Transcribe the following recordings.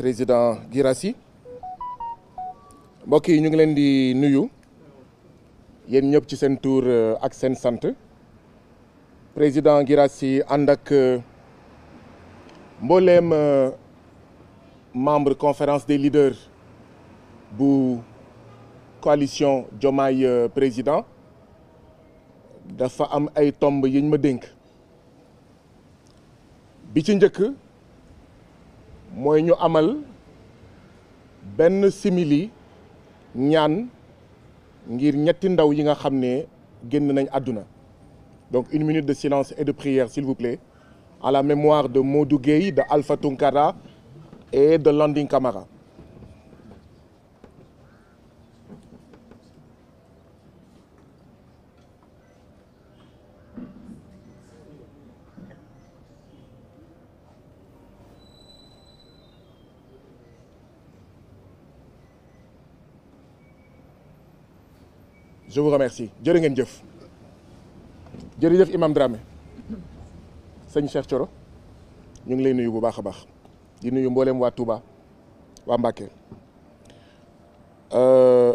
président Guirassy mbokk yi ñu ngi leen di nuyu yéen ñëpp ci seen tour euh, ak seen sant président Guirassy ànd ak euh, mbooleem euh, membre conférence des leaders bu coalition Diomaye président dafa am ay tomb yiñ ma dénk bi ci njëkk mooy ñu amal benn simili ñaan ngir ñetti ndaw yi nga xam ne génn nañ àdduna donc une minute de silence et de prière s'il vous plaît à la mémoire de Modou Gueye de Alpha Tunkara et de Landing Camara je vous remercie jëf jërëjëf Imam Dramé sëñ Cheikh Thioro ñu ngi lay nuyu bu baax a baax di nuyu mbooleem waa Touba waa Mbacké euh,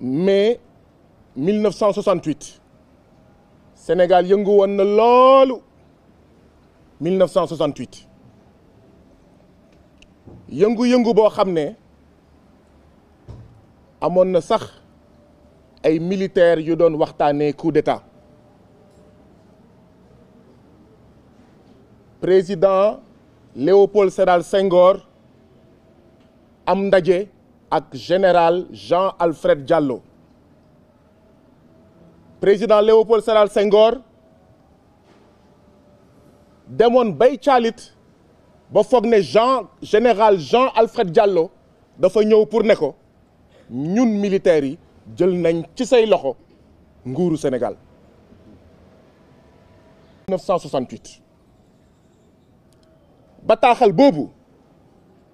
mai 1968 Sénégal yëngu woon na loolu 1968 yëngu-yëngu boo xam ne. amoon na sax ay militaires yu doon waxtaanee coup d'état président Léopold Sédar Senghor am ndaje ak général Jean Alfred Diallo président Léopold Sédar sengor demoon bay caalit ba foog ne Jean général Jean Alfred Diallo dafa ñëw pour ne ko ñun militaires yi jël nañ ci say loxo nguuru Sénégal 1968 bataaxal boobu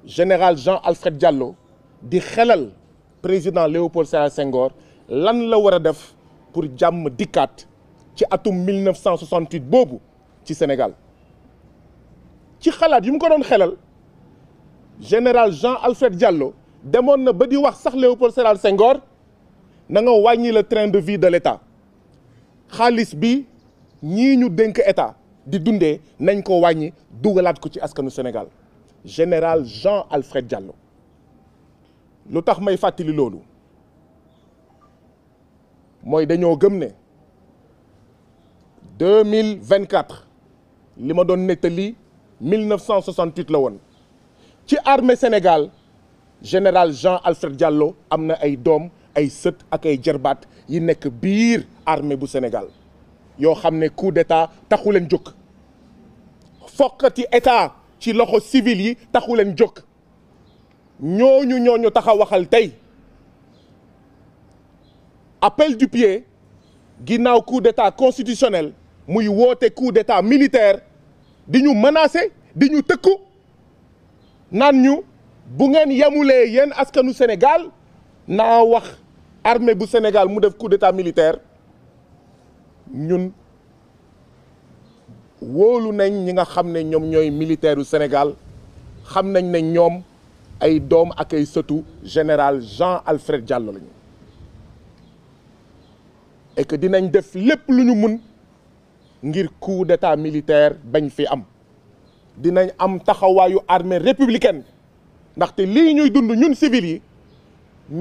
général Jean Alfred jàllo di xelal président Léopold Sédar Senghor lan la war a def pour jàmm dikkaat ci atum 1968 boobu ci Sénégal ci xalaat yi mu ko doon xelal général Jean Alfred Diallo demoon na ba di wax sax Léopold Sédar sengor nanga wàññi la train de vie de l'État xaalis bi ñii ñu dénk état di dundee nañ ko wàññi dugalaat ko ci askanu Sénégal général Jean Alfred Diallo lu tax may fàttali loolu mooy dañoo gëm ne deux mille vingt quatre li ma doon nettali mille neuf cent soixante la woon ci armée Sénégal. général Jean Alfred Diallo am na ay doom ay sët ak ay jarbaat yi nekk biir armée bu Sénégal yoo xam ne coup d'état taxu leen jóg fokkati état ci loxo civil yi taxu leen jóg ñooñu ñoo ñu a waxal tey appel du pied ginnaaw coup d'état constitutionnel muy woote coup d'état militaire di ñu menacer di ñu tëkku naan ñu bu ngeen yamulee yéen askanu Sénégal naa wax armée bu Sénégal mu def coup d'état militaire ñun wóolu nañ ñi nga xam ne ñoom ñooy militaire u Sénégal xam nañ ne ñoom ay doom ak ay sëtu général Jean Alfred Diallo lañu et dinañ def lépp lu ñu mun ngir coup d'état militaire bañ fi am dinañ am taxawaayu armée républicaine ndaxte lii ñuy dund ñun civil yi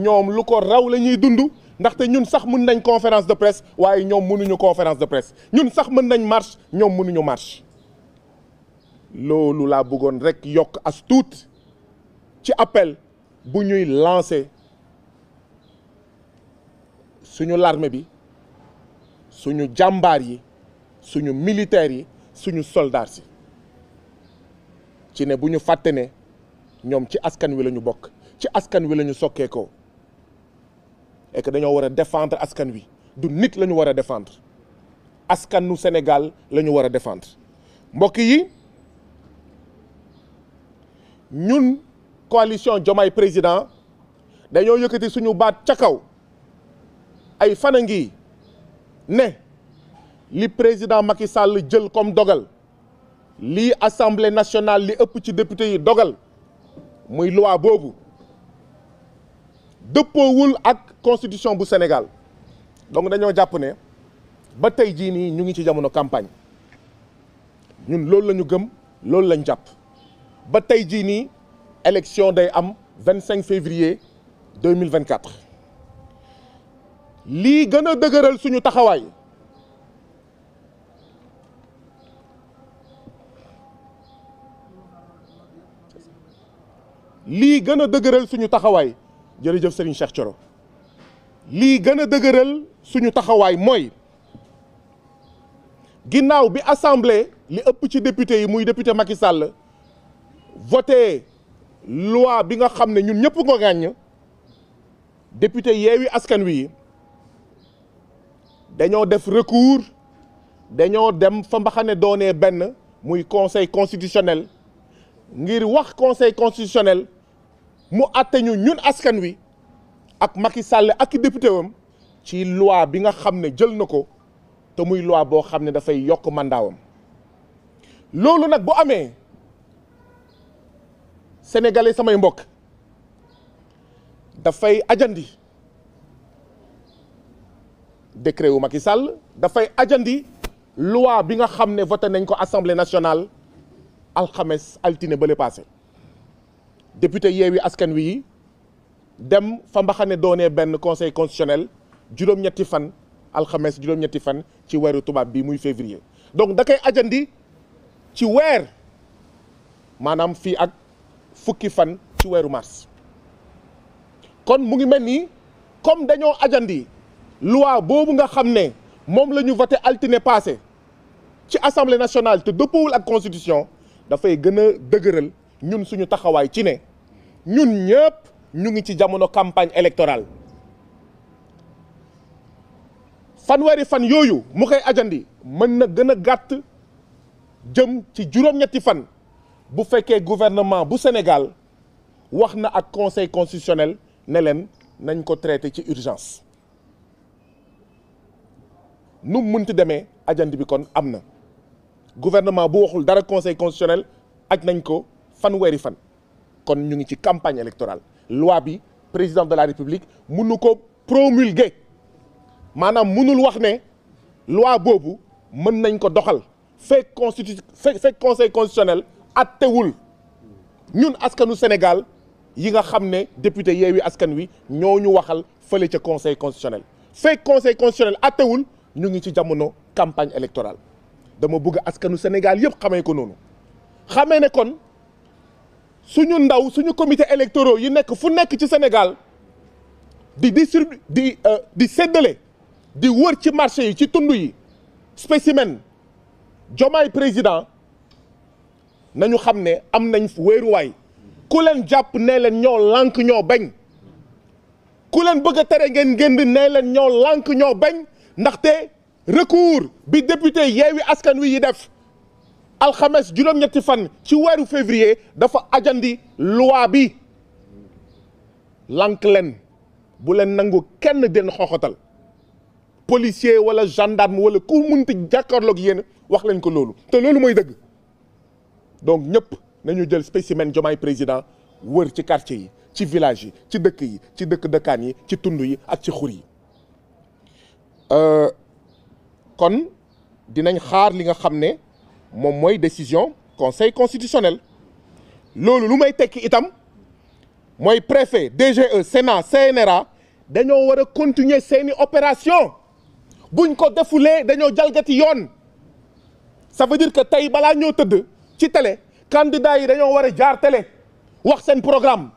ñoom lu ko raw la ñuy dund ndaxte ñun sax mun nañ conférence de presse waaye ñoom mënuñu conférence de presse ñun sax mën nañ marche ñoom munuñu marche loolu laa bëggoon rek yokk as tuut ci appel bu ñuy lancer suñu larme bi suñu jàmbaar yi suñu militaires yi suñu soldats yi ci ne bu ñu fàtte ne ñoom ci askan wi la ñu bokk ci askan wi lañu ñu sokkee ko et dañoo war a défendre askan wi du nit la ñu war a défendre askanu Sénégal la ñu war a défendre mbokk yi ñun coalition Diomaye président dañoo yëkkati suñu baat ca kaw ay fan a ngi ne li président Macky Sall jël comme dogal lii assemblée nationale li ëpp ci député yi dogal. muy loi boobu dëppoowul ak constitution bu Sénégal donc dañoo jàpp ne ba tey jii nii ñu ngi ci jamono campagne ñun loolu la ñu gëm loolu lañ jàpp ba tey jii nii élection day am 25 février 2024 lii gën a dëgëral suñu taxawaay lii gën a dëgëral suñu taxawaay jërëjëf Serigne Cheikh Thioro lii gën a dëgëral suñu taxawaay mooy ginnaaw bi assemblée li ëpp ci député yi muy député Macky Sall voté loi bi nga xam ne ñun ñëpp nga gàññ député Yewwi Askan Wi dañoo def recours dañoo dem fa mbaxane doonee benn muy conseil constitutionnel ngir wax conseil constitutionnel mu àtte ñu ñun askan wi ak Macky Sall ak i wam ci loi bi nga xam ne jël na ko te muy loi boo xam ne dafay yokk mandaawam loolu nag bu amee sénégalais samay mbokk dafay ajandi décret wu Macky Sall dafay ajandi loi bi nga xam ne voté nañ ko assemblée nationale alxames altine bale passé député Yewwi Askan Wi yi dem fa mbaxane doonee benn conseil constitutionnel juróom-ñetti fan alxames juróom-ñetti fan ci weeru tubaab bi muy février donc da koy ajandi ci weer maanaam fii ak fukki fan ci weeru mars kon mu ngi mel ni comme dañoo ajandi loi boobu nga xam ne moom la ñu voté altine passé ci assemblée nationale te dëppoowul ak constitution dafay gën a dëgëral ñun suñu taxawaay ci ne ñun ñëpp ñu ngi ci jamono campagne électorale fanwaari fan yooyu mu koy ajandi mën na gën a gàtt jëm ci juróom-ñetti fan bu fekkee gouvernement bu Sénégal wax na ak conseil constitutionnel ne leen nañ ko traité ci urgence nu munti demee ajandi bi kon am na gouvernement bu waxul dara conseil constitutionnel aj nañ ko fanweeri fan kon ñu ngi ci campagne électorale loi bi président de la république mënu ko promulguer maanaam munul wax ne loi boobu mën nañ ko doxal fekk constitu fekk conseil constitutionnel attewul ñun askanu Sénégal yi nga xam ne député Yewwi Askan Wi ñoo ñu waxal fële ca conseil constitutionnel fekk conseil constitutionnel attewul ñu ngi ci jamono campagne électorale dama bëgg askanu Sénégal yëpp xamee ko noonu xamee ne kon. suñu ndaw suñu comité électoraux yi nekk fu nekk ci Sénégal di distribu di euh, di séddale di wër ci marché yi ci tund yi spécimen jomaay président nañu xam ne am nañ wéeruwaay ku leen jàpp nee leen ñoo lànk ñoo bañ ku leen bëgg a tere ngeen génn nee leen ñoo lànk ñoo bañ ndaxte recours bi député Yewwi Askan Wi yi def alxames juróom-ñetti fan ci waru février dafa ajandi loi bi lank len bu leen nangu kenn den xooxatal policier wala gendarme wala ku munti jàkkaarloog yéen wax leen ko loolu te loolu mooy dëgg donc ñëpp nañu jël spécimen Diomaye Président wër ci quartier yi ci village yi ci dëkk yi ci dëkk dëkkaan yi ci tund yi ak ci xur yi euh, kon dinañ xaar li nga xam ne moom mooy décision conseil constitutionnel loolu lu may tekki itam mooy préfet DGE Sénat CNRA dañoo war a continuer seeni opération buñ ko defulee dañoo jalgati yoon ça veut dire que tey balaa ñoo tëdd ci télé candidats yi dañoo war a jaar télé wax seen programme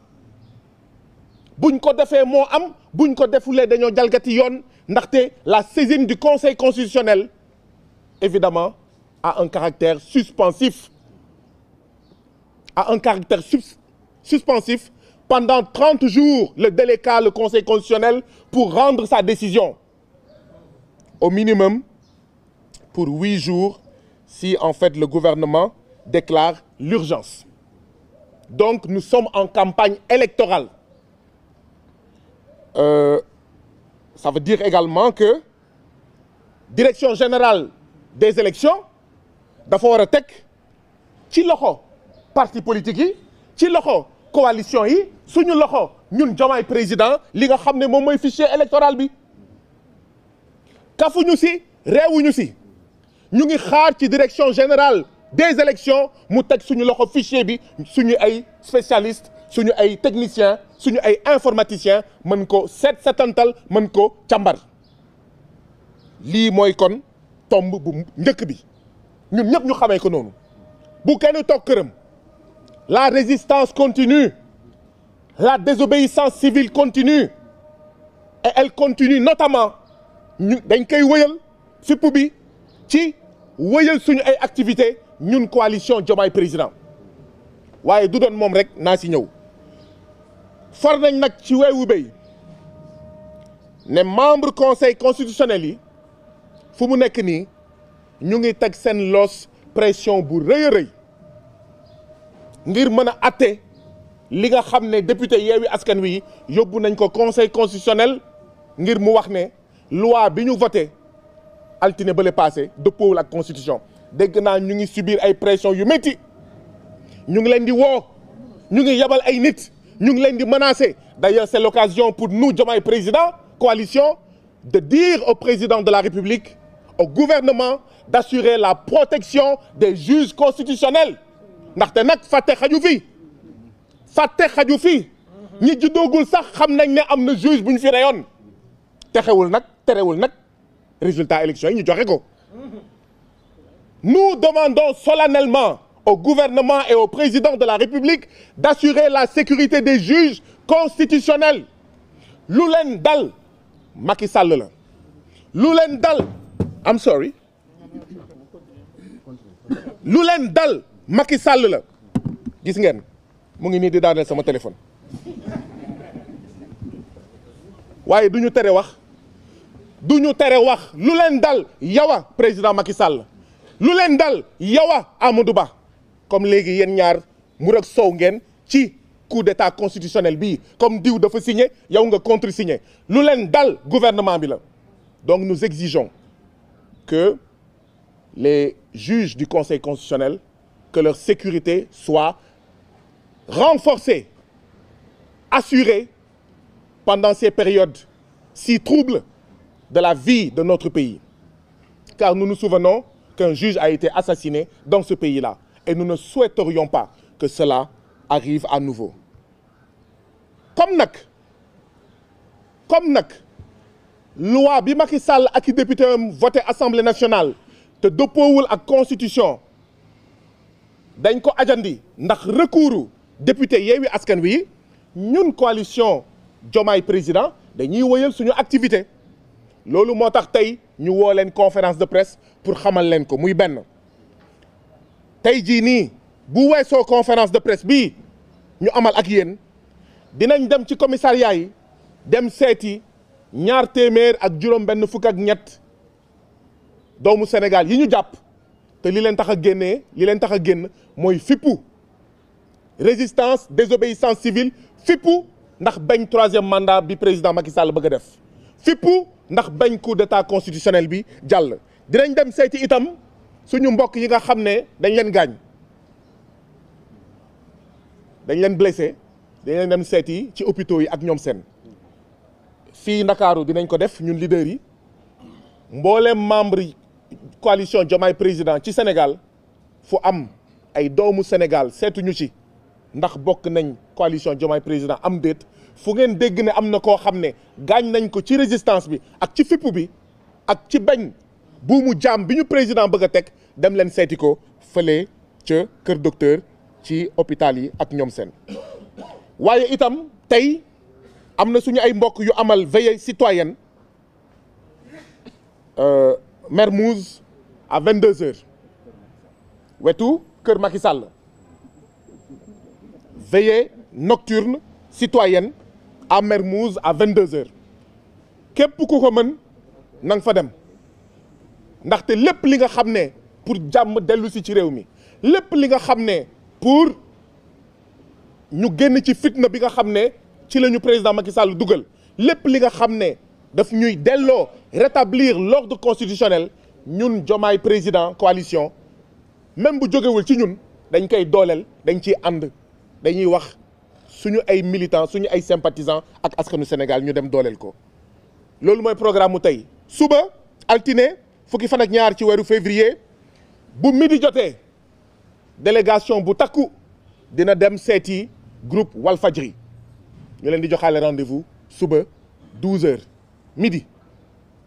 buñ ko defee moo am buñ ko defulee dañoo jalgati yoon ndaxte la saisine du conseil constitutionnel évidemment a un caractère suspensif a un caractère sus suspensif pendant 30 jours le délai qu'a le Conseil constitutionnel pour rendre sa décision au minimum pour huit jours si en fait le gouvernement déclare l'urgence donc nous sommes en campagne électorale euh, ça veut également que direction générale des élections dafa war a teg ci loxo parti politique yi ci loxo coalition yi suñu loxo ñun Diomaye président li nga xam ne moom mooy fichier électoral bi kafuñu si réewuñu si ñu ngi xaar ci direction général des élections mu teg suñu loxo fichier bi suñu ay spécialistes suñu ay techniciens suñu ay informaticiens mën ko seet setantal mën ko càmbar lii mooy kon tomb bu njëkk bi ñun ñëpp ñu xamee ko noonu bu kenn toog këram la résistance continue la désobéissance civile continue et elle continue notamment ñu dañ koy wëyal fipp bi ci wëyal suñu ay activités ñun coalition Diomaye Président waaye du doon moom rek naa si ñëw for nañ nag ci weewu béy ne membre conseil constitutionnel yi fu mu nekk nii ñu ngi teg seen loos pression bu rëy rëy ngir mën a atte li nga xam ne député Yewwi Askan Wi yóbbu nañ ko conseil constitutionnel ngir mu wax ne loi bi ñu voté altine bële passé dëppoowul ak constitution dégg naa ñu ngi subir ay pression yu métti ñu ngi leen di woo ñu ngi yebal ay nit ñu ngi leen di menacer d'ailleurs c'est l'occasion pour nous Diomaye président coalition de dire au président de la République au gouvernement d'assurer la protection des juges constitutionnels ndaxte nag fàtte xaju fi fàtte xaju fi ñi juddoogul sax xam nañ ne am na juge bu ñu fi texewul nag terewul nag résultat élection ñu joxe ko nous demandons solennellement au gouvernement et au président de la République d'assurer la sécurité des juges constitutionnels lu leen dal Macky Sall la lu leen dal am sorry lu leen dal Macky sàll la gis ngeen mu ngi nii di daaneel sama téléphone waaye du ñu tere wax du ñu tere wax lu leen dal yawa président Macky Sall lu leen dal yawa Amadou Ba comme léegi yéen ñaar mu rek sow ngeen ci coup d'état constitutionnel bi comme diw dafa signé yow nga contresigné lu leen dal gouvernement bi la donc nous exigeons que les juges du Conseil constitutionnel, que leur sécurité soit renforcée, assurée pendant ces périodes si troubles de la vie de notre pays. Car nous nous souvenons qu'un juge a été assassiné dans ce pays-là et nous ne souhaiterions pas que cela arrive à nouveau. Comme NAC, comme NAC, loi bi Macky Sall ak i député am voté assemblée nationale te dëppoowul ak constitution dañ ko ajandi ndax recours député Yewwi Askan Wi ñun coalition Diomaye président dañuy wëyal suñu activité loolu moo tax tey ñu woo leen conférence de presse pour xamal leen ko muy benn tey jii nii bu weesoo conférence de presse bii ñu amal ak yéen dinañ dem ci commissariat yi dem seeti ñaar téeméer ak juróom benn fukk ak ñett doomu Sénégal yi ñu jàpp te li leen tax a génnee li leen tax a génn mooy fippu résistance désobéissance civile fippu ndax bañ troisième mandat bi président Macky Sall bëgg a def fippu ndax bañ coup d'état constitutionnel bi jàll dinañ dem seeti itam suñu mbokk yi nga xam ne dañ leen gaañ dañ leen blessé dañ leen dem seeti ci hôpitaux yi ak ñoom seen fii ndakaaru dinañ ko def ñun leader yi mboolem membre coalition Diomaye président ci Sénégal fu am ay doomu Sénégal seetuñu ci ndax bokk nañ coalition Diomaye président am déet fu ngeen dégg ne am na koo xam ne gaañ nañ ko ci résistance bi ak ci fippu bi ak ci bañ bu mu jaam bi ñu président bëgg a teg dem leen seeti ko fële ca kër docteur ci hôpital yi ak ñoom seen waaye itam tey am na suñu ay mbokk yu amal veillée citoyenne euh, Mermoz à deux h wetu Kër Macky Sall veillée nocturne citoyenne à Mermoz à 22h képp ku ko mën na fa dem ndaxte lépp li nga xam ne pour jàmm dellusi ci réew mi lépp li nga xam ne pour ñu génn ci fitna bi nga xam ne. ci lañu ñu président Macky Sall dugal lépp li nga xam ne daf ñuy delloo rétablir l'ordre constitutionnel ñun jomaay président coalition même bu jógewul ci ñun dañ koy dooleel dañ ci ànd dañuy wax suñu ay militants suñu ay sympathisants ak askanu Sénégal ñu dem dooleel ko loolu mooy programme mu tey suba altine fukki fan ak ñaar ci weeru février bu midi jotee délégation bu takku dina dem seeti groupe Walfadjri ñu leen di joxaale rendez-vous suba 12h midi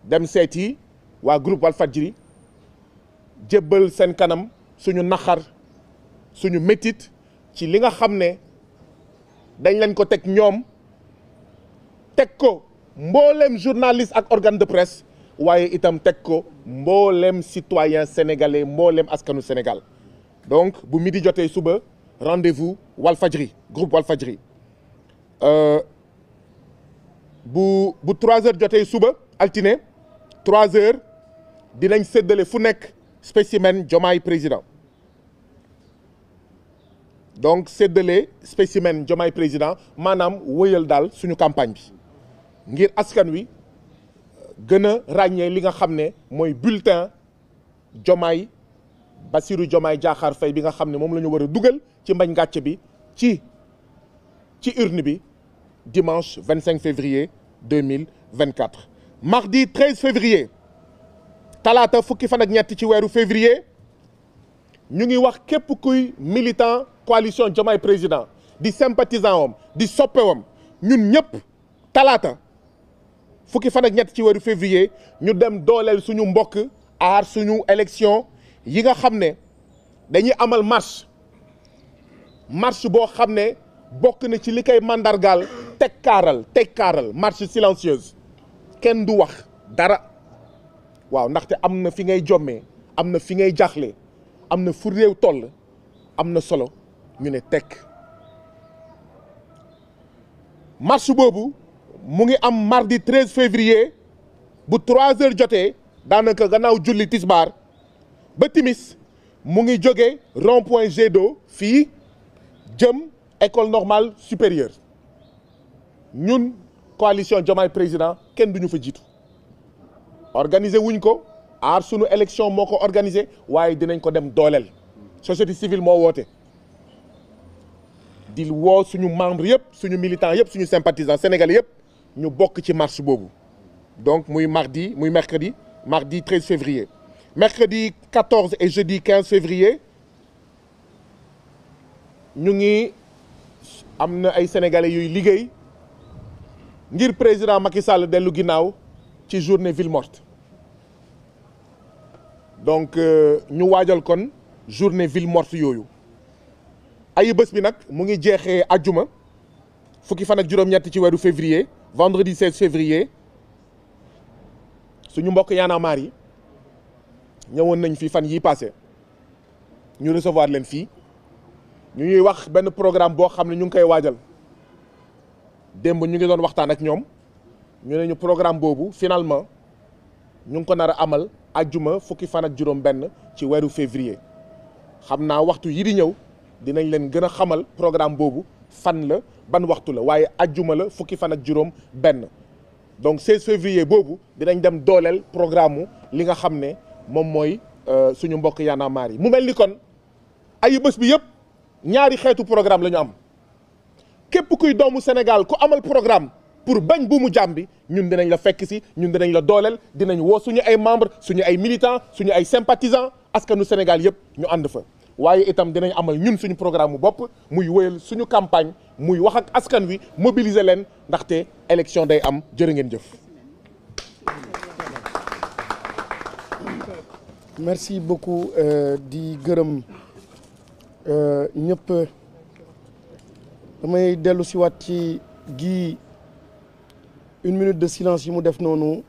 dem seeti waa groupe Walfadjri jébbal seen kanam suñu naxar suñu métit ci li nga xam ne dañ leen ko teg ñoom teg ko mbooleem journaliste ak organe de presse waaye itam teg ko mbooleem citoyen sénégalais mbooleem askanu Sénégal donc bu midi jotee suba rendez-vous Walfadjri groupe Walfadjri Euh, bu bu trois heures jotee suba altine trois heures dinañ séddale fu nekk spécimen Diomaye président donc séddale spécimen Diomaye président maanaam wëyal daal suñu campagne bi ngir askan wi euh, gën a ràññee li nga xam ne mooy bulletin Diomaye Bassirou jomaay Diakhar Faye bi nga xam ne moom la ñu war dugal ci mbañ gàcce bi ci ci urne bi dimanche 25 février 2024 mardi 13 février talaata fukki fan ak ñett ci weeru février ñu ngi wax képp kuy militant coalition Diomaye Président di sympathisant wam di soppe soppewam ñun ñëpp talaata fukki fan ak ñett ci weeru février ñu dem dooleel suñu mbokk aar suñu élection yi nga xam ne dañuy amal marche marche boo xam ne bokk na ci li kay màndargaal teg kaaral teg kaaral marche silencieuse kenn du wax dara waaw ndaxte am na fi ngay jommee am na fi ngay jaaxle am na fu réew toll am na solo ñu ne teg marche boobu mu ngi am mardi 13 février bu 3 heures jotee daanaka gannaaw julli tisbaar ba timis mu ngi jóge renpoint point Jet fii jëm école normale supérieure ñun coalition Diomaye président kenn du ñu fa jiitu organiser wuñ ko aar sunu élection moo ko organiser waaye dinañ ko dem dooleel société civile moo woote di woo suñu membre yëpp suñu militant yëpp suñu sympathisant sénégal yëpp ñu bokk ci marche boobu donc muy mardi muy mercredi mardi 13 février mercredi 14 et jeudi 15 février ñu ngi am na ay sénégalais yuy liggéey ngir président Macky dellu ginnaaw ci journée ville donc euh, ñu waajal kon journée ville morte yooyu ayu bés bi nag mu ngi jeexee ajjuma fukki fan ak juróom-ñetti ci weeru février vendredi 16 février suñu mbokk yaanaamaar yi ñëwoon nañ fi fan yi passé ñu recevoir leen fii ñu ñuy wax benn programme boo xam ne ñu ngi koy waajal démb ñu ngi doon waxtaan ak ñoom ñu ne ñu programme boobu finalement ñu ngi ko nar a amal ajjuma fukki fan ak juróom-benn ci weeru février xam naa waxtu yi di ñëw dinañ leen gën a xamal programme boobu fan la ban waxtu la waaye ajjuma la fukki fan ak juróom-benn donc 16 février boobu dinañ dem dooleel programme mu li nga xam ne moom mooy euh, suñu mbokk Y'en a marre yi mu mel ni kon ayu bés bi yëpp. ñaari xeetu programme la ñu am képp kuy doomu Sénégal ku amal programme pour bañ bu mu jàmm ñun dinañ la fekk si ñun dinañ la dooleel dinañ woo suñu ay membres suñu ay militants suñu ay sympathisants askanu Sénégal yëpp ñu ànd fa. waaye itam dinañ amal ñun suñu programme mu bopp muy wéyal suñu campagne muy wax ak askan wi mobiliser leen ndaxte élection day am jërë ngeen jëf. merci beaucoup euh, di gërëm. Euh, ñëpp damay dellu siwaat ci gii une minute de silence yi mu def noonu